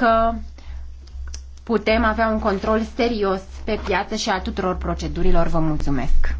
că putem avea un control serios pe piață și a tuturor procedurilor. Vă mulțumesc!